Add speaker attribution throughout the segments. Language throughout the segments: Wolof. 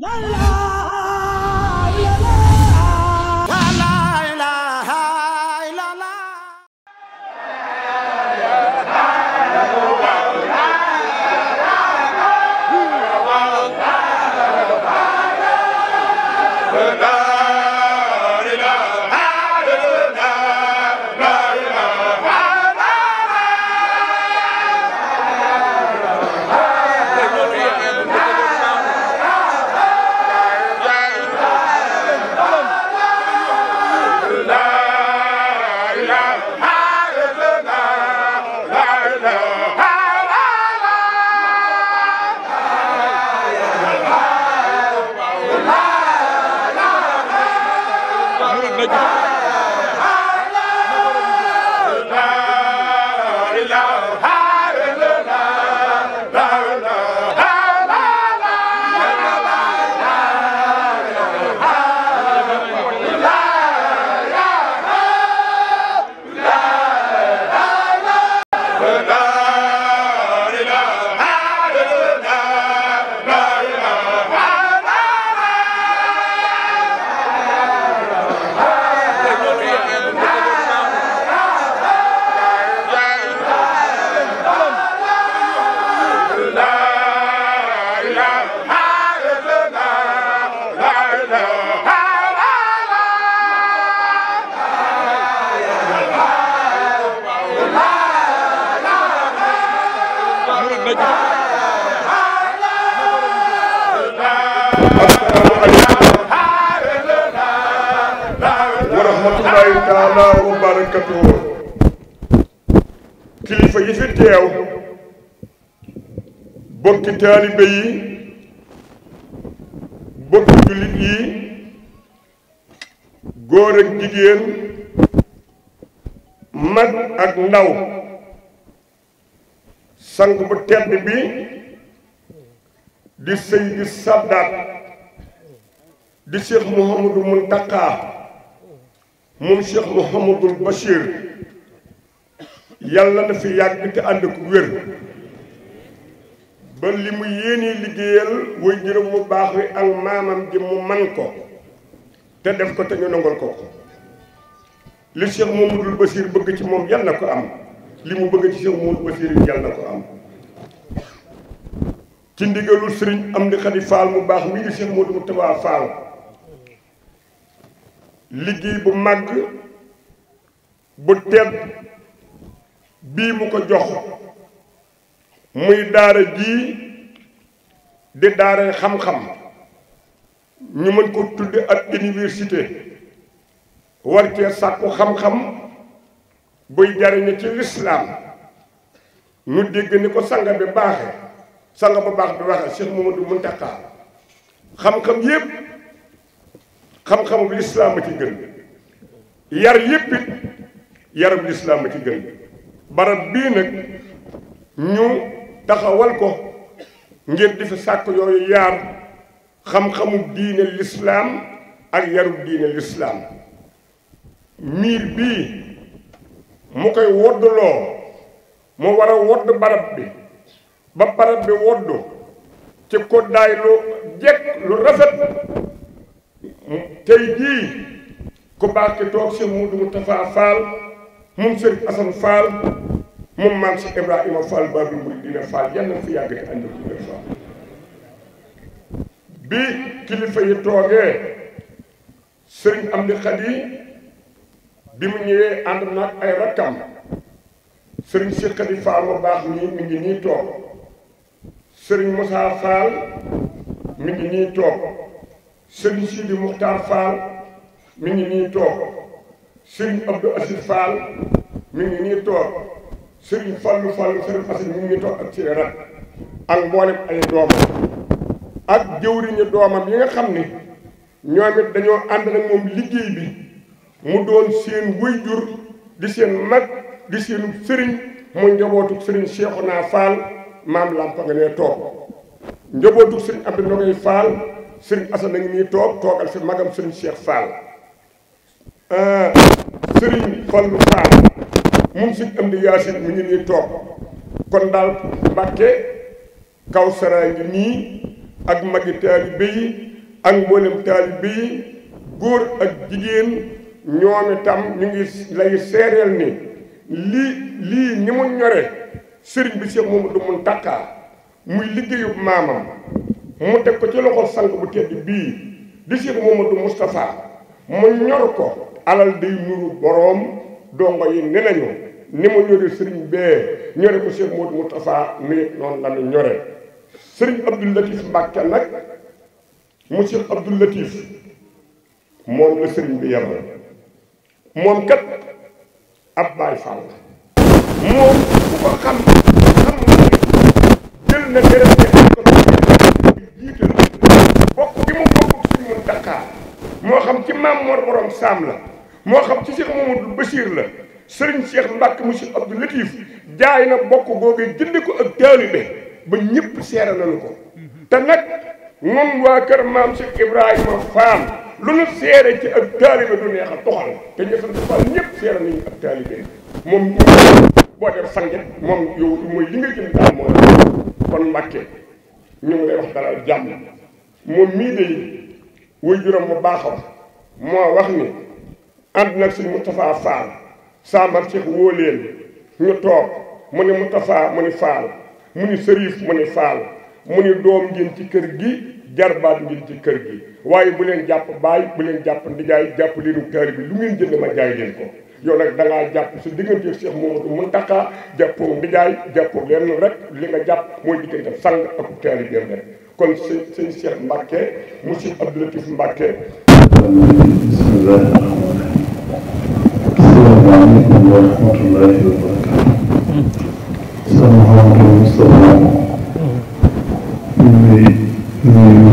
Speaker 1: La la!
Speaker 2: tabaaraka kilifa yi fi teew bokki taalibe yi bokki jullit yi góor ak jigéen mag ak ndaw sang bu tedd bi di sëy di saddaat di Cheikh Mouhamadou Mountakha moom Cheikh Mouhamadul Bachir yàlla na fi yàgg te ànd ak wér ba li mu yéenee liggéeyal way juróom mu baax wi ak maamam ji mu man ko te def ko te ñu nangol ko li Cheikh Mouhamadul Bachir bëgg ci moom yàlla na ko am li mu bëgg ci Cheikh Mouhamadul Bachir yàlla na ko am ci ndigalul sëriñ am di xadi faal mu baax mi di Cheikh Modou Moustapha liggéey bu màgg bu tedd bii mu ko jox muy daara jii di daara xam-xam ñu mën ko tudde ak université war cee sàkku xam-xam buy jariñe ci lislaam ñu dégg ni ko sanga bi baaxe sanga bu baax bi waxe Cheikh Mamadou Mountakha xam-xam yépp xam-xamu lislaam ci gën yar yépp it yarub lislaam ci gën barab bii nag ñu taxawal ko ngir di fi sàkk yooyu yaar xam-xamu diine lislaam ak yarub diine lislaam miir bii mu koy wodduloo mu war wodd barab bi ba barab bi wodd ci koddaay lu jekk lu rafet tey jii ku baax ki toog si Muudu Mustafaa Fall moom Sëriñ Asan Fall moom maam si Ibrahima Fall Babi Mouridina Fall yal na fi yàgg te ànd ak wér bi kilifa yi toogee Sëriñ Amdi Xadi bi mu ñëwee ànd nag ay rakkam Sëriñ Si Xadi Fall mu baax nii mi ngi nii toog Sëriñ Moussa Fall mi nii toog sëriñ Sidi Muxtaar Fall mi ngi nii toog sëriñ Abdou Aziz Fall mi ngi nii toog sëriñ Fallu Fallu sëriñ Aziz mi ngi toog ak ci rat ak mboolem ay doomam ak jëwriñu doomam yi nga xam ni ñoom dañoo ànd nag liggéey bi mu doon seen wëyjur di seen mag di seen sëriñ mu njabootu sëriñ Cheikhouna Fall maam Lampa nga nee toog njabootu sëriñ Abdou Ndogay Sering asal a ngi tok toog toogal fi magam sering Cheikh Fall euh, sëriñ Fallu Fall moom si am di yaasin mu ngi nii toog kon daal Mbàkke Kawsara ngi ak magi taalibe bi ak mboolem taalibe bi góor ak jigen ñoom tam ñu ngi lay ni li li ni mu ñore sëriñ bi Cheikh Mamadou Mountakha muy mamam mu teg ko ci loxo sang bu tedd bii di Cheikh Mamadou Moustapha mu ñor ko alal day nuru boroom dongo yi ne nañu ni mu ñore sëriñ bee ñore ko Cheikh Mamadou Moustapha nit noonu la ñu ñore sëriñ Abdou Latif Mbàkke nag mu Cheikh Abdou Latif moom la sëriñ bi yebal moom kat ab baay Fall moom ku ko xam xam na jël na dërëm ko jiital bokk gi mu bokk ak suñu Muntaxaa moo xam ci maam Mor Borom Saam la moo xam ci Cheikh Mamadou Bachir la sëriñ Cheikh Mbacke mu Abdou Latif jaay na bokk googee jënd ko ak taalibe ba ñëpp seere nañu ko te nag moom waa kër maam Cheikh Ibrahima Faam lu nu seere ci ak taalibe du neex a toxal te ñëpp dafa ñëpp seere nañu ak taalibe moom boo def sanget moom yow mooy li nga jënd daal moo kon Mbacke ñu ngi koy wax dalal jàmm moom mii de juróom bu baaxam moo wax ni ànd nag mu Moustapha Fall saamar Cheikh woo leen ñu toog mu ni Moustapha mu ni Fall mu ni Sërif mu ni Fall mu ni doom ngeen ci kër gi jarbaat ngeen ci kër gi waaye bu leen jàpp baay bu leen jàpp ndijaay jàpp leenu kër bi lu ngeen jënd ma jaay leen ko yow nag da ngaa jàpp sa diggante Cheikh Mouhamadou Mountakha jàppoo ndijaay jàppoo lenn rek li nga jàpp mooy diggante sang ak taalibeem rek kon sëñ sëñ Cheikh Mbacke mu Sëñ Abdou
Speaker 3: Latif Mbacke bismillah asalaamaaleykum wa rahmatullahi wa barakatuh sëñ Mouhamadou Moustapha ñu ngi nuyu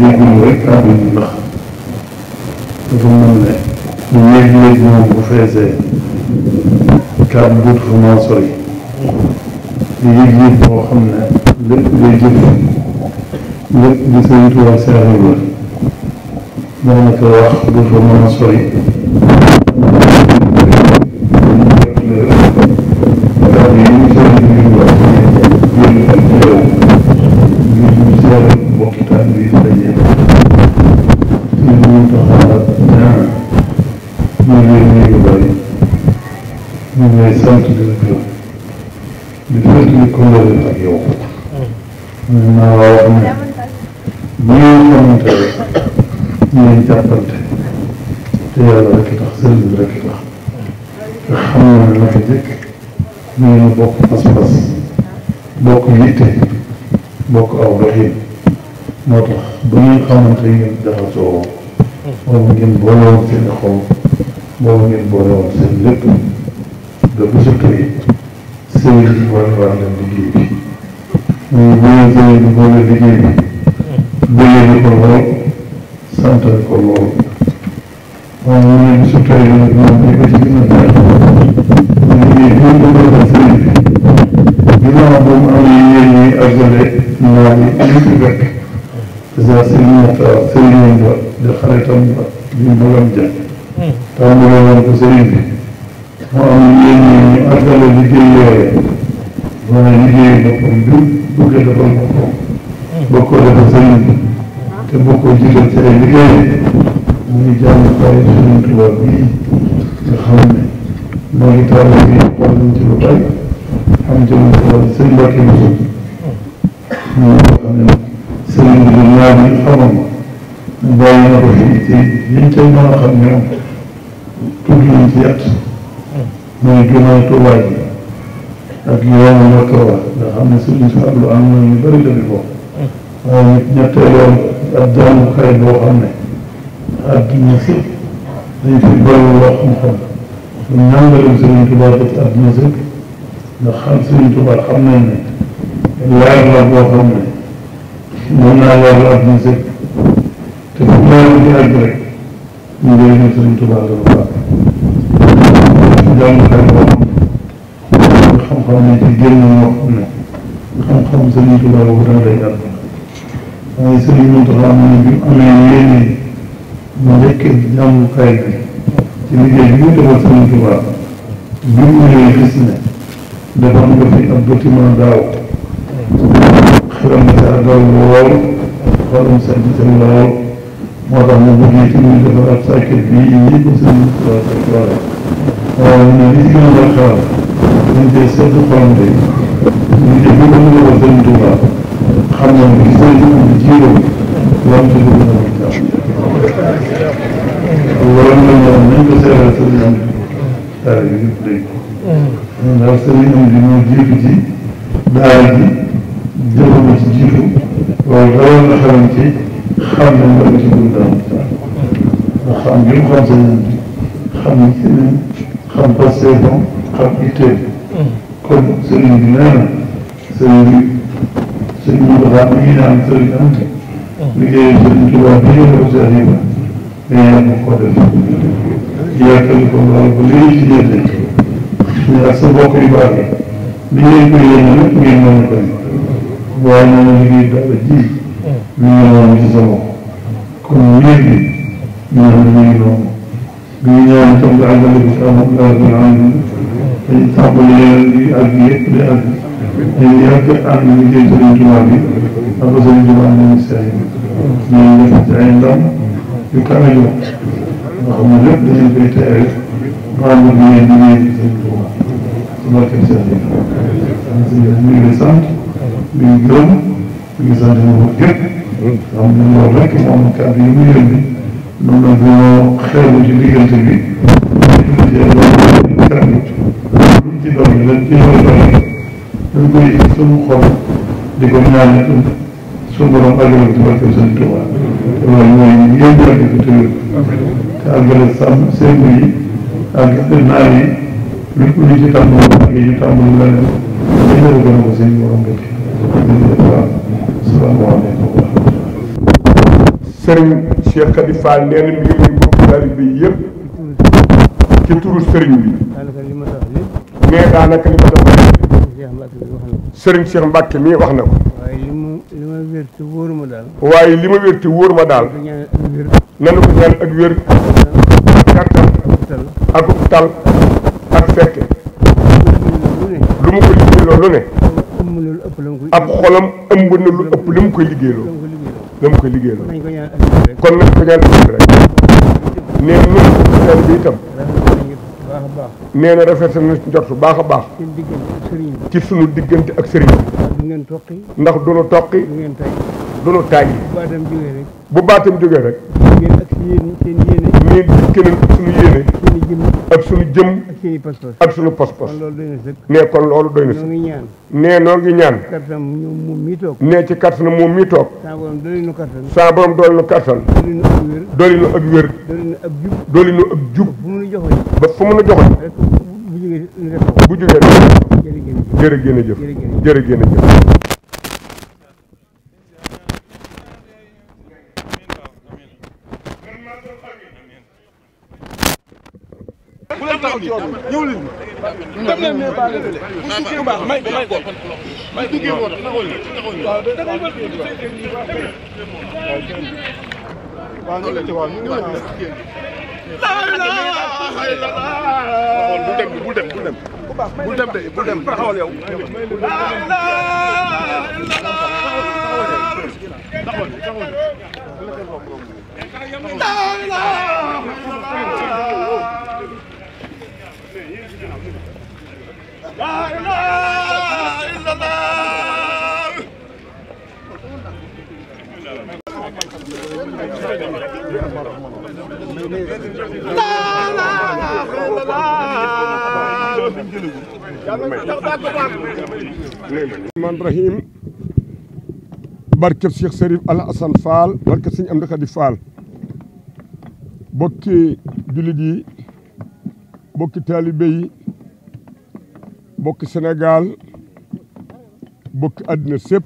Speaker 3: ذهن ويكره الله ضمن يجلد مفازة كعبد في مصري يجلد وخمنا يجلد لسيد وسائل ذلك وأخذ في مصري Thank you. ñuy xamante ngeen jaxasoo boobu ngeen boole woon seen xol boobu ngeen boole woon seen lépp da bu sa tëye sëy bi boole waa leen liggéey bi muy boole sëy bi boole liggéey bi bëggee ko lool sant ko lool waaye ñu ne bu sa tëye la ñoom ñi ko ci gën a neex liggéey bi ñu ko sëy bi ginnaaw boobu am yéen ñuy àggale naa yi ñu ci fekk sa Serigne Mokhtar Serigne ba di xaritam ba di magam ja hmm. tàmbale woon ko Serigne bi am yéen ñu àggale liggéey yooyu waaye liggéeyu boppam bi bëgg a defal boppam hmm. bokkoo defal Serigne bi te bokkoo jiital ci ay liggéey muy jàngukaay Serigne Touba bii nga xam ne moo ngi tàmbale bi wax nañ ci lu bari xam jëm ci wàllu sëñ Mbacke Moussa hmm. سيد الله الحرم مباين رحمتي انت ما قمنا كل انتيات من جمعة واجب اليوم وكوا لهم سيد سألوا عما يبرد بالبوم ومتنت يوم الدم خير وغمه الدنيا سيد لي في البر وخمخم من نمر سيد نعم، تبادت الدنيا سيد لخمسين تبادت خمين الله الله خمين mën naa leeral adduna sëg te fu leeral di àgg rek ñu njëriñu Sëriñ Tuubaa la baax jàng xel boo xam xam ne ci génn moo xam xam-xam Sëriñ Tuubaa boobu dana day àgg waaye mu ne bi mu amee ci liggéey bi ñu defal Sëriñ Tuubaa bi mu ñëwee gis ne defar nga fi ab bâtiment daaw am na sa doom lool xool am sa gis lool moo tax mu bëggee ci ñu defar ab sàkket bi yi ko sëñ wala waaye ñu li ci gën a xaar dañ koy seetlu xolam de ñu def ko mu la sëñ Touba xam na ne gis nañ ko ci jiiróom mm. loolu ci dugg na loolu la ñu am nañ ko seetal sëriñ am taal yi ñu dégg ndax sëriñ am di moo jiitu ci daara ji bi ci jiitu loolu xam nañ loolu ci biir daaw ndax xam bi mu xam sa yéen bi xam nañ ci xam passeefam xam itteel kon sëriñ bi nee na sëriñ bi sëriñ bi dafa am ñu naan sëriñ am liggéey sëriñ Tuubaa bi yëpp sa def yàkkal ko loolu ba léegi ci jëndee ñu ak sa bokk yu baax yi li ngeen ko yéene nag ngeen mën a ko waaye ñu liggéey daara ji ñu ñëwoon ci sa bopp kon yéeg bi ñu xam ne ñu noonu bi ñu ñëwoon tam nga àggale ko sa bopp daal ko am dañ tàmbali yeneen di àgg yëpp di àgg dañ yàgg ànd liggéey sëriñ Tuubaa bi ak sëriñ Tuubaa ñu saa yi ñu def ci ay ndam yu kawe yoo xam ne lépp dañu koy teel rek maanaam ñu ngi liggéey ci sëriñ Tuubaa su ma kër saa yi ñu ngi sant mi ngi gërëm mi ngi sant ñu ko gépp xam ne loolu rek moom kàddu yi mu yónni noonu la ñoo xeelu ci diggante bi luñ ci dolli lan ci loolu dolli dañ koy suñu xol di ko ñaan suñu borom àggale ci barke sëñ Tuuba loolu mooy ngeen jàngi ko tëwér te àggale sàmm séngu yi ak naar yi luñ ko ñu ci tàmbali ak yi ñu tàmbali leneen dañ ko gën a ko seen borom bëgg
Speaker 2: sëriñ Cheikh Khady Fall nee na mi ngi nuyu bokk taalibe yi ci turu sëriñ bi mais daanaka li ma doon sëriñ Cheikh Mbacke mii wax na ko.
Speaker 1: waaye li mu li ma wér te wóor ma daal. waaye
Speaker 2: li ma wér te wóor ma daal. nanu ko ñaan ak wér. kattan ak tal ak fekke. lu mu ko liggéey loolu ne. ab xolam ëmb na lu ëpp li mu koy liggéeyloo la mu koy liggéeyloo kon nag ko ñaan rek nee na ñun bi itam nee na rafet na njort bu baax a baax ci sunu diggante ak sëriñ ndax du nu toqi du nu tàyyi bu baatam jógee rek nee dikk nañ sunu yéene ak suñu jëm ak suñu pos-pos. ak suñu pos-pos. kon loolu doy na si. nee noo ngi ñaan. nee ci kàttan moom mii toog. saa borom dooli nu kàttan. saa borom dooli nu kàttan. dooli ak wér. dooli ak jub. dooli ak jub. ba fu mu nu joxoon. bu jógee. jërë ngeen jëf jërë ngeen jëf. taxaw nii ñëw leen dem leen ne baax bu duggee baax may ko may ko may duggee woon taxaw nii taxaw nii waaw da ngay bëgg waaw ñu la ci waaw ñu ngi wax bu dem bu dem bu dem bu dem de bu dem taxawal yow
Speaker 1: taxawal taxawal لا إله إلا الله
Speaker 2: man rahim barkeb Cheikh Serif Al Hassane Fall barkeb Sëñ Amdi Khady Fall bokki jullit yi bokki taalibe yi bokki senegaal bokki àddina sépp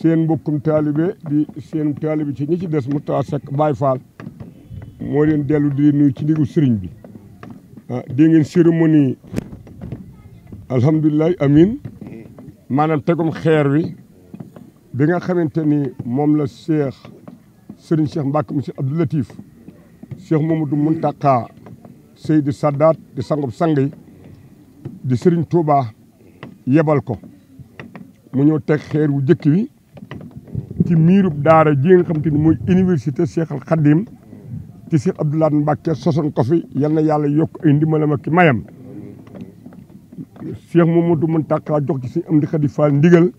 Speaker 2: seen mbokkum taalibe di seen taalibe ci ñi ci des mu taa sekk Baay Faal moo leen dellu di nuyu ci ndigu sëriñ bi ah di ngeen cérémonie alhamdulilah amin maanaam tegum xeer wi bi nga xamante ni moom la Cheikh sëriñ Cheikh Mbacke ci Abdou Latif Cheikh Mamadou Mountakha Seydi Sadat di sangu sang yi di Serigne Touba yebal ko mu ñëw tek xeer wu jekk wi ci miirub daara ji nga xam tane moy université Cheikh Al Khadim ci Cheikh Abdou mbacke soson ko fi yalla yalla yok ay ndimbalam ak mayam Cheikh Mamadou takka jox ci am di Khady ndigal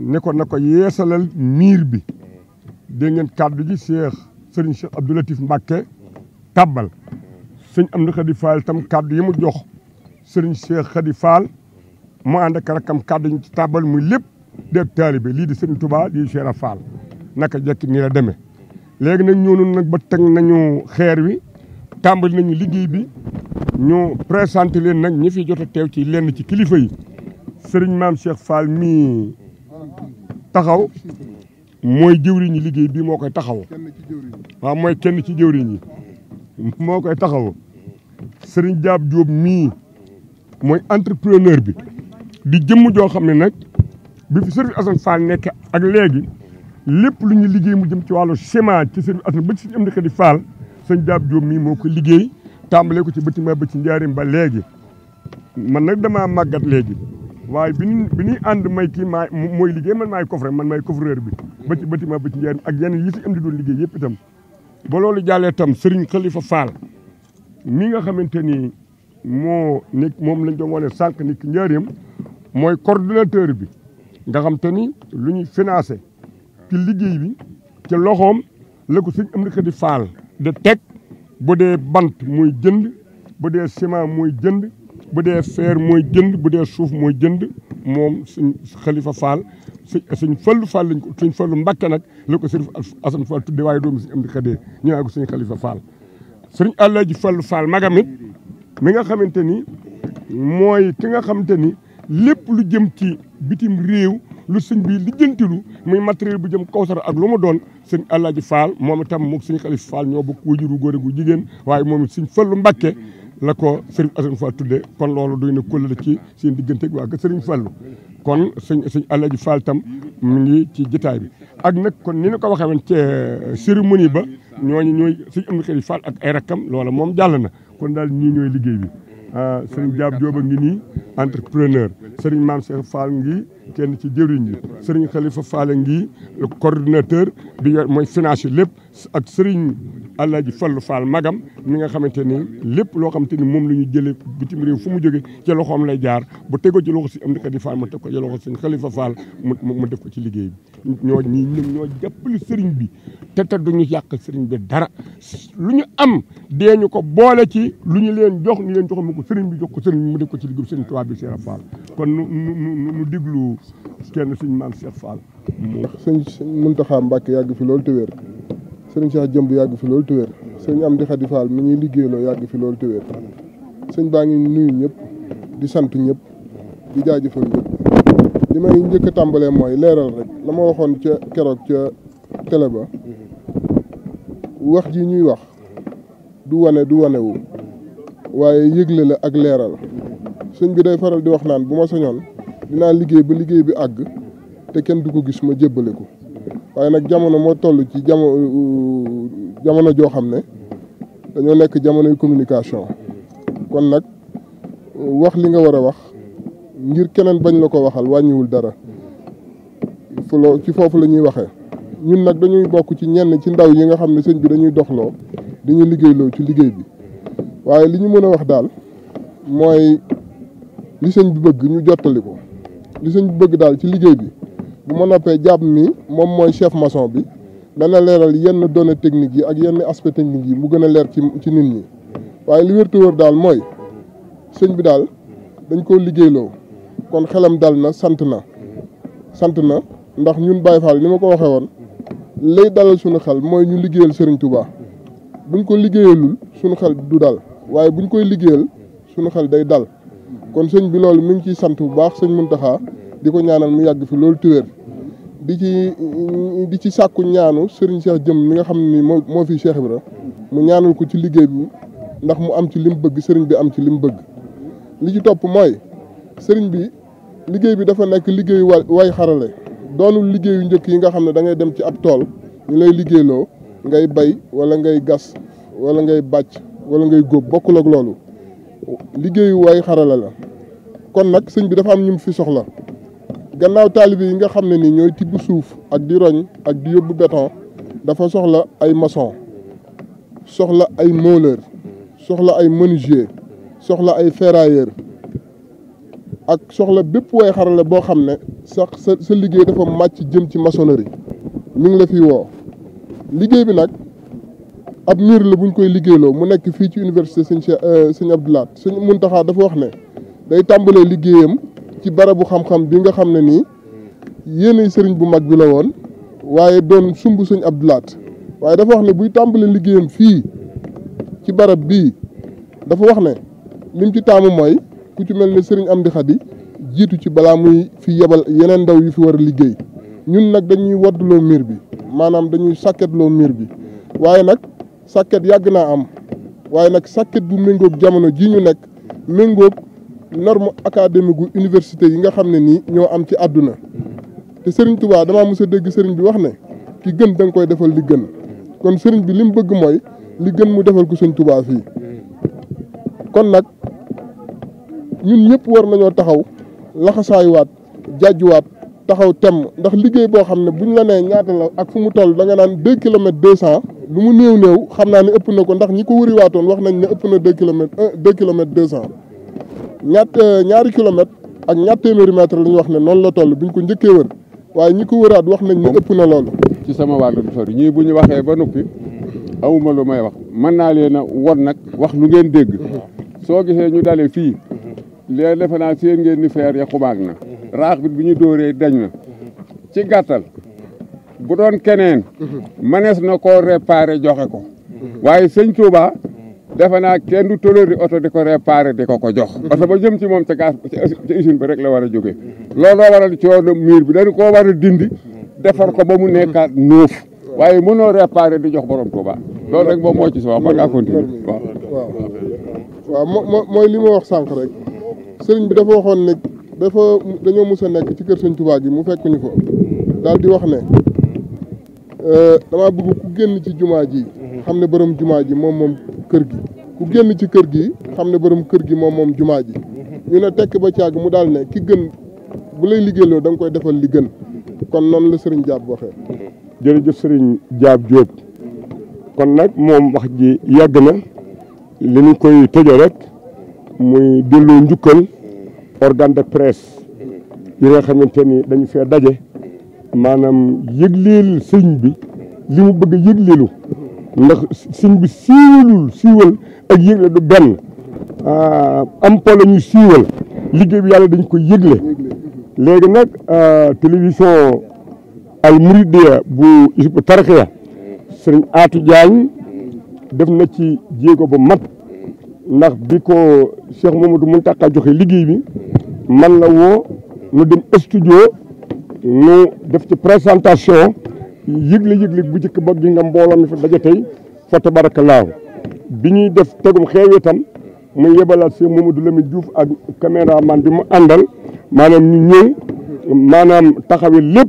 Speaker 2: ne ko nako yeesalal mir bi de ngeen kaddu ji Cheikh Serigne Cheikh Abdou Latif Mbacké tàbbal Serigne Amdi tam kaddu yimu jox serigne Cheikh khadi Fall mo and ak rakam kaddu ci tabal muy lepp deb talibé li di serigne Touba di Cheikh Fall naka jekki ni la démé légui nak ñoonu nak ba tek nañu xeer wi tambal nañu liggéey bi ñu présenté len nak ñi fi jotté tew ci lenn ci kilifa yi serigne maam Cheikh Fall mi taxaw mooy jëwriñu liggéey bi mo koy taxaw wa moy kenn ci jëwriñ yi koy taxaw serigne diab diop mi mooy entrepreneur bi di jëmm joo xam ne nag bi fi Serigne Assane Fall nekk ak léegi lépp lu ñu liggéey mu jëm ci wàllu ciment ci Serigne Assane ba ci suñu am di Fall sëñ Diab Diop liggéey tàmbalee ko ci bâtiment ba ci njaarim ba léegi man nag damaa màggat léegi waaye bi ñuy bi ñuy ànd may kii maa mooy liggéey man maay coffre man maay coffreur bi ba ci bâtiment ba ci njaarim ak yeneen yi si am di doon liggéey yëpp itam ba loolu jàllee itam Serigne Khalifa Fall mi nga xamante ni moo nekk moom lañ doon wane sànq ni ki mooy coordonnateur bi nga xam te ni lu ñuy financé ci liggéey bi ci loxoom la ko suñ am di faal. di teg bu dee bant muy jënd bu dee ciment mooy jënd bu dee fer mooy jënd bu dee suuf mooy jënd moom suñ xalifa faal suñ fallu faal lañ ko suñ fallu mbàkke nag la ko sëriñ Assane Fall tudde waaye doomu suñ am di xadee ñu naa ko suñ xalifa faal. sëriñ Alaaji Fallu Faal magam mi nga xamante ni mooy ki nga xamante ni lépp lu jëm ci bitim réew lu sëñ bi lijjantilu muy matériel bu jëm Kawsara ak lu mu doon sëñ Alaaji Fall moom itam moom sëñ Xalif Fall ñoo bokk wajuru góor gu jigéen waaye moom it sëñ Fallu Mbàkke la ko sëriñ Assane Fall tudde kon loolu doy na kóllëre ci seen diggante ak waa kër sëriñ Fallu kon sëñ sëñ Alaaji tam mu ci jitaay bi ak nag kon ni ñu ko waxee woon ci euh, cérémonie ba ñooñ ñooy sëñ Amdi Xalif Fall ak ay rakkam loola moom jàll na kon daal ñii ñooy liggéey bi ah, Serigne Diab Diop a ngi nii entrepreneur Serigne maam Cheikh Fall ngi kenn ci jëriñ yi sëriñ Khalifa Fall ngi le coordinateur bi yor mooy finance lépp ak sëriñ Alaaji Fallu Fall magam mi nga xamante ni lépp loo xam xamante ni moom la ñu jëlee bitim réew fu mu jóge ci loxoom lay jaar bu tegoo ci loxo si am di Fall mu teg ko ci loxo sëriñ Khalifa Fall mu mu def ko ci liggéey bi ñoo ñi ñoom ñoo jàppale sëriñ bi te te duñu yàq sëriñ bi dara lu ñu am dee ñu ko boole ci lu ñu leen jox ñu leen jox mu ko sëriñ bi jox ko sëriñ bi mu def ko ci liggéey sëriñ Tuubaa bi Cheikh Fall kon
Speaker 4: déglu jëwriñ kenn sëñ Mame Cheikh Fall sëñ Mountakha Mbacké yàgg fi loolu te wér sëriñ Cheikh Jëmb yàgg fi loolu te wér sëñ Amdi Khady Fall mi ñuy liggéeyloo yàgg fi loolu te wér sëñ baa ngi nuyu ñëpp di sant ñëpp di jaajëfal ñëpp li may njëkk a tàmbalee leeral rek la ma waxoon ca keroog ca télé ba wax ji ñuy wax du wane du wane wu waaye yëgle la ak leeral sëñ bi day faral di wax naan bu ma dinaa liggéey ba liggéey bi àgg te kenn du ko gis ma jébbale ko waaye nag jamono moo toll ci jamono euh, jamono joo xam ne dañoo nekk jamonoy communication kon nag euh, wax li nga war a wax ngir keneen bañ la ko waxal wàññiwul dara fuloo ci foofu la ñuy waxe ñun nag dañuy bokk ci ñenn ci ndaw yi nga xam ne sëñ bi dañuy doxloo dañuy liggéeyloo ci liggéey bi waaye li ñu mën a wax daal mooy li sëñ bi bëgg ñu jottali ko li suñ bëgg daal ci liggéey bi bu ma noppee jàpp mi moom mooy chef maçon bi dana leeral yenn done techniques yi ak yenn aspect technique yi mu gën a leer ci ci nit ñi waaye li wér te wër daal mooy sëñ bi daal dañ koo liggéeyloo kon xelam dal na sant na sant na ndax ñun Baye Fall ni ma ko waxee woon lay dalal suñu xel mooy ñu liggéeyal Serigne Touba buñ ko liggéeyalul suñu xel du dal waaye buñ koy liggéeyal suñu xel day dal kon sëñ bi loolu mi ngi ciy sant bu baax sëñ Muntaxa di ko ñaanal mu yàgg fi loolu téwér di ci di ci sàkku ñaanu sëriñ Cheikh jëm mi nga xam ni moo moo fi Cheikh Ibra mu ñaanal ko ci liggéey bi ndax mu am ci lim bëgg sëriñ bi am ci lim bëgg li ci topp mooy sëriñ bi liggéey bi dafa nekk liggéeyu way way xarale doonul liggéeyu njëkk yi nga xam ne da ngay dem ci ab tool ñu lay liggéeyloo ngay bay wala ngay gas wala ngay bàcc wala ngay góob bokkul ak loolu liggéeyu waay xarala la kon nag sëñ bi dafa am ñu fi soxla gannaaw taalibe yi nga xam ne ni ñooy tibb suuf ak di roñ ak di yóbbu béton dafa soxla ay maçon soxla ay mouleur soxla ay menuisier soxla ay ferrailleur ak soxla bépp waay xarala boo xam ne sax sa sa liggéey dafa màcc jëm ci maçonnerie mi ngi la fi woo liggéey bi nag ab miir la buñ koy liggéeyloo mu nekk fii ci université sëñ euh, sëñ Abdou Lahad mun Muntaxa dafa wax ne day tàmbalee liggéeyam ci barabu xam-xam bi nga xam ne nii yéenay sëriñ bu mag bi la woon waaye doon sumb sëñ Abdou Lahad waaye dafa wax ne buy tàmbale liggéeyam fii ci barab bii dafa wax ne lim ci taamu mooy ku ci mel ne sëriñ Amdi Xadi jiitu ci balaa muy fi yebal yeneen ndaw yu fi war a liggéey ñun nag dañuy waddloo miir bi maanaam dañuy sàkketloo miir bi waaye nag sakket yag na am waye nak sakket bu méngoog jamono ji ñu nek mengo norme académie gu université yi nga xam ni ño am ci aduna te serigne Touba dama mësa dégg serigne bi wax ne ki gën dang koy defal li gën kon serigne bi lim bëgg moy li gën mu defal ko serigne Touba fi kon nak ñun ñëpp war nañu taxaw laxasaayuwaat jaajuwaat taxaw tem ndax liggéey bo xam buñ la né ñaata la ak fu mu toll da nga nan 2 km 200 lu mu néew néew xam naa ne ëpp na ko ndax ñi ko wëri waatoon wax nañ ne ëpp na deux kilomètres un deux kilomètres deux cent ñatt euh, ñaari kilomètre ak ñatt téeméeri mètre ñu wax ne noonu la toll bi ko njëkkee wër waaye ñi ko wëraat wax nañ ne ëpp na loolu ci sama wàllu sori ñii bu ñu waxee ba noppi amuma lu may wax man naa leen a won nag wax lu ngeen dégg
Speaker 2: soo gisee ñu dale fii léegi defe naa seen ngeen ni feer ya xubaag na raax bi bu ñu dóoree dañ na ci gàttal bu doon keneen manees na koo réparé joxe ko waaye sëñ Touba defe naa kenn du tolori oto di ko réparé di ko ko jox oto ba jëm ci moom ca gaz ca usine bi rek la war a jógee looloo waral coono miir bi dañu koo war a dindi defar ko ba mu nekkaat nuuf waaye mënoo réparé di jox borom Touba
Speaker 4: loolu rek moom moo ci
Speaker 2: soo ma ngaa continuer waaw
Speaker 4: waaw moo mooy li ma wax sànq rek sëriñ bi dafa waxoon ne dafa dañoo mos a nekk ci kër sëñ Touba gi mu fekk ñu ko daal di wax ne Euh, damaa bëgg ku génn ci jumaa ji mhm. xam ne borom jumaa ji moom moom kër gi ku génn ci kër gi xam ne borom kër gi moom moom jumaa ji mhm. ñu ne tekk ba caag mu daal ne ki gën bu lay liggéeyloo da nga koy defal li gën kon noonu la sëriñ Diab waxee mhm.
Speaker 2: jërëjëf sëriñ Diab Diop kon nag moom wax ji yàgg na li ñu koy tëjee rek muy delloo njukkal organe de presse yi nga xamante ni dañu fee daje maanaam yëgleel sëñ bi li mu bëgg a yëgleelu ndax sëñ bi siiwalul siiwal ak yëgle du benn ah, am po la ñu siiwal liggéey bi yàlla dañ ko yëgle léegi nag ah, télévision al mouridiya bu Hizbut Tarqiyyah sëriñ Atou Diagne def na ci jéego ba mat ndax bi ko Cheikh Mamadou Mountakha joxe liggéey bi man la woo nu dem studio nu def ci présentation yëgle yëgle bu njëkk ba gi nga mbooloo mi fa daje tey fa tabarakallaahu bi ñuy def tegum xeew itam mu yebalaat seen Mamadou Lamine Diouf ak caméraman bi mu àndal maanaam ñu ñëw maanaam taxawe lépp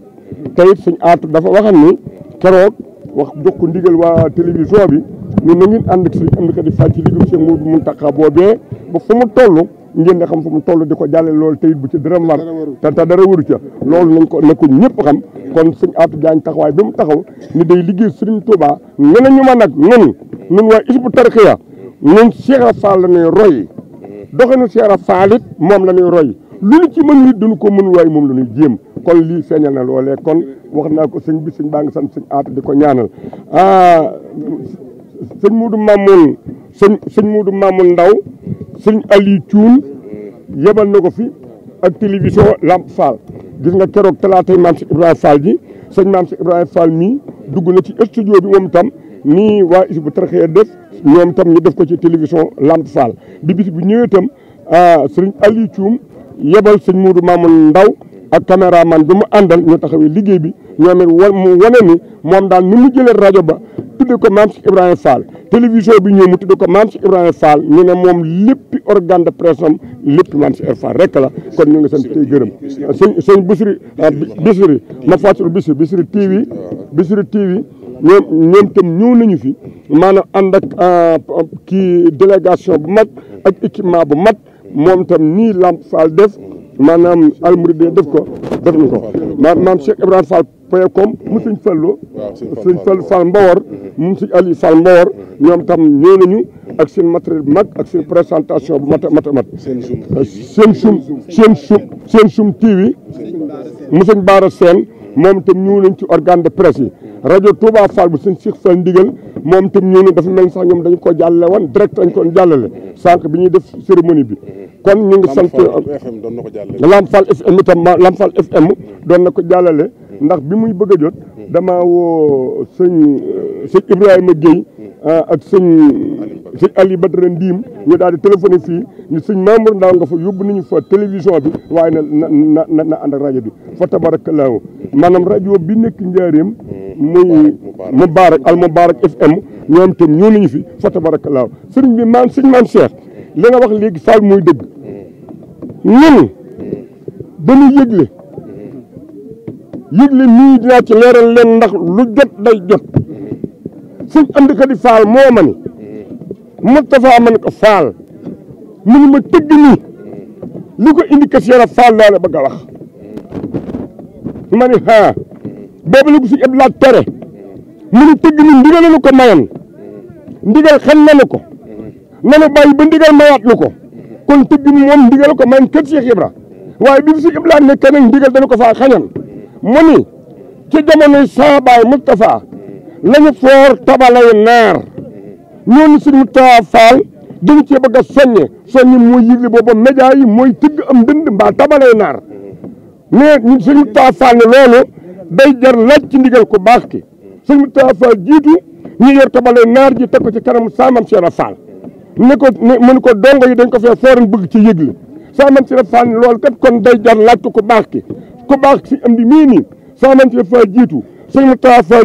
Speaker 2: tayit suñ aatu dafa waxam ni keroog wax jox ko ndigal waa télévision bi ñun na ngeen ànd ak sëriñ am na kat di fàcc liggéey seen Mamadou boobee ba fu mu toll ngeen nga xam fu mu toll di ko jàlle loolu te it bu ci dërëm war te te dara waru ca loolu nañ ko na ko ñëpp xam kon sëñ Atou Diagne taxawaay bi mu taxaw ni day liggéey sëriñ Touba ngena ñu ma nag nun nun waa isbu tarxiya ñun Cheikh a Fall la ñuy roy doxinu Cheikh a Fall moom la ñuy roy lu ñu ci mën nit ko mën waaye moom la ñuy jéem kon lii feeñal na loolee kon wax naa ko sëñ bi sëñ baa ngi sant sëñ Atou di ko ñaanal ah, sëñ Muudu Mamoun sëñ sëñ Muudu Mamoun Ndaw sëñ Aliou Thioune yebal na ko fi ak télévision Lamp Fall gis nga keroog talaate maam si Ibrahima Fall sëñ maam si Ibrahima Fall mii dugg na ci studio bi moom tam nii waa Hizbut Tarqiyyah def ñoom tam ñu def ko ci télévision Lamp Fall bi bis bu ñëwee tam ah, sëñ Aliou Thioune yebal sëñ Muudu Mamoun Ndaw ak caméraman bi mu àndal ñoo taxawee liggéey bi ñoom it wa mu wane ni moom daal ni mu jëlee rajo ba tudde ko Mame Cheikh Ibrahima Fall télévision bi ñëw mu tudde ko Mame Cheikh Ibrahima Fall ñu ne moom léppi organe de presse am léppi Mame Cheikh Ibrahima Fall rek la kon ñu ngi sant tey gërëm sëñ sëñ Bisiri ah, Bisiri ma fàttali Bisiri Bisiri TV Bisiri TV ñoom ñoom itam ñëw nañu fi maanaam ànd ak ah, kii délégation bu mag ak équipement bu mag moom itam nii Lamp Fall def maanaam almouride def ko def nu ko maanaam Cheikh Ibrahima Fall point com mu suñ fallu suñ fallu Fall Mbawar mu suñ Aliou Fall Mbawar mm-hmm. ñoom tam ñëw nañu mm-hmm. ak seen matériel mag ak seen présentation bu mat a mat a mat seen sum seen sum seen sum TV mu suñ Baara Seen moom itam ñëw nañ ci organe de presse yi mm-hmm. rajo Touba Fall bu suñ Cheikh Fall ndigal moom itam ñëw nañ dafa mel sax ñoom dañu ko jàllale woon direct dañ ko jàllale sànq bi ñuy def cérémonie bi kon ñu ngi sant Lamp Fall FM itam Lamp Fall FM doon na ko jàllale ndax bi muy bëgg jot dama woo sëñ euh, sëñ Ibrahima Guèye ah, ak sëñ sëñ Ali Badara Ndiim ñu daal di téléphoné fii ñu sëñ Mamour Ndaw nga fa yóbbu nañu fa télévision bi waaye na na rajo bi fa tabarakallaahu maanaam rajo bi nekk njaareem muy Moubarak al Moubarak FM ñoom itam ñoo nañu fi fa tabarakallaahu sëriñ bi maam sëñ maam Cheikh li nga wax léegi Fall muy dëgg ñun dañuy yëgle yëg leen nii dinaa ci leeral leen ndax lu jot day jot sëñ Amdi Kadi Faal moo ma ni Moustapha man ko Faal mu ma tëgg nii lu ko indi Kër Cheikh Faal laa ba bëgg a wax ma ni haa boobu la ko sëñ tere mu ngi tëgg nii ndigal lu ko mayoon ndigal xam nanu ko nanu bàyyi ba ndigal mayaat lu ko kon tëgg nii moom ndigal ko mayoon Kër Cheikh Ibra waaye bi sëñ Abdu Laat nekkee nag ndigal dana ko faa xañan mu ni ci jamonoy saa baay Moustapha lañu foor tabalay naar ñooñu suñu Moustapha Fall dañu cee bëgg a soññe soññe mooy yëgle booba média yi mooy tëgg am dënd mbaa tabalay naar mais ñun suñu Moustapha Fall ne loolu day jar laaj ci ndigal ku baax ki suñu Moustapha Fall jiitu ñu yor tabalay naar ji te ko ci kanamu saamam Cheikh Fall ne ko mu ne ko dongo yi dañ ko fee fooran bëgg ci yëgle saamam Cheikh Fall ne loolu kat kon day jar laaj ko ku baax ki ku baax si am di mii nii saa nañ ci fa jiitu sëñ mu taa fa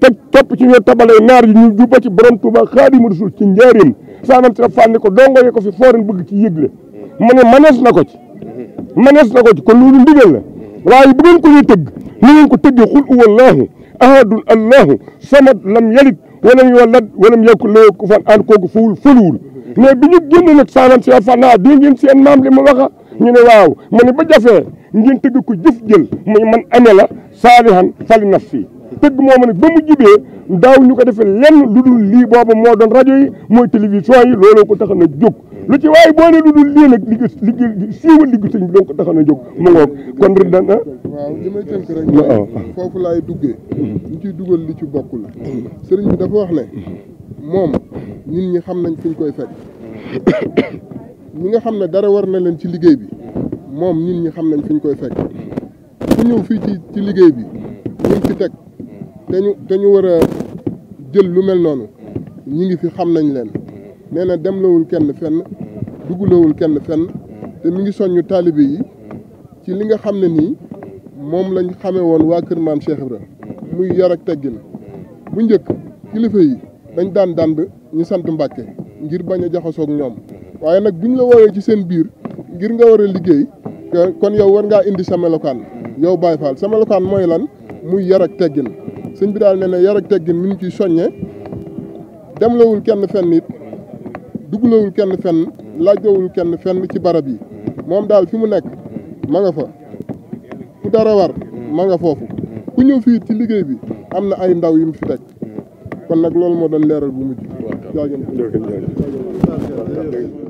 Speaker 2: te topp ci ñoo tabalee naar yi ñu jubba ci borom Tuuba Xaadimu Rasuul ci njaareem saa nañ ci ko dongo yee ko fi fooreen bëgg ci yëgle mu ne manees na ko ci manees na ko ci kon loolu ndigal la waaye bu ngeen ko ñuy tëgg ni u ko tëggee xul uwallaahu ahadun allahu samad lam yalit walam yolad walam yakul lahu kufuwan ahad kooku fuwul fëluwul mais bi ñu génn nag saanan si fan naa ah, di ngeen seen maam li mu waxa ñu ne waaw mu ne ba jafee ngeen tëgg ko jëf jël muy man amee la saalihan fali naf fii tëgg mooma nag ba mu jibee daaw ñu ko defee lenn lu dul lii booba moo doon rajo yi mooy télévision yi looloo ko taxan a jóg lu ci waaye boo ne lu lii nag liggéey liggéey siiwal liggéey sëñ bi doon ko taxan a jóg mu ngoog
Speaker 4: kon rek dana waaw li may tënk rek laay duggee ñu ciy li ci bokkul sëriñ bi dafa wax ne moom nit ñi xam nañ fuñ koy faj ñi nga xam ne dara war na leen ci liggéey bi moom ñun ñi xam nañ fi ñu koy fekk ku ñëw fii ci ci liggéey bi ñu ngi fi teg te ñu war a jël lu mel noonu ñu ngi fi xam nañ leen nee na demlawul kenn fenn duggulawul kenn fenn te mi ngi soññu taalibe yi ci li nga xam ne nii moom lañ xame woon waa kër maam Cheikh Ibra muy yar ak teggin bu njëkk kilifa yi dañ daan dand ñu sant Mbàkke ngir bañ a jaxasoog ñoom waaye nag buñ la woowee ci seen biir ngir nga war a liggéey kon yow war ngaa indi sa melokaan yow Baye Fall sa melokaan mooy lan muy yar ak teggin sëñ bi daal nee na yar teggin mi ngi ciy soññe demlawul kenn fenn it dugalawul kenn fenn laajowul kenn fenn ci barab yi moom daal fi mu nekk ma nga fa ku dara war ma nga foofu ku ñëw fii ci liggéey bi am na ay ndaw yu mu fi teg kon nag loolu moo doon leeral bu
Speaker 2: mujj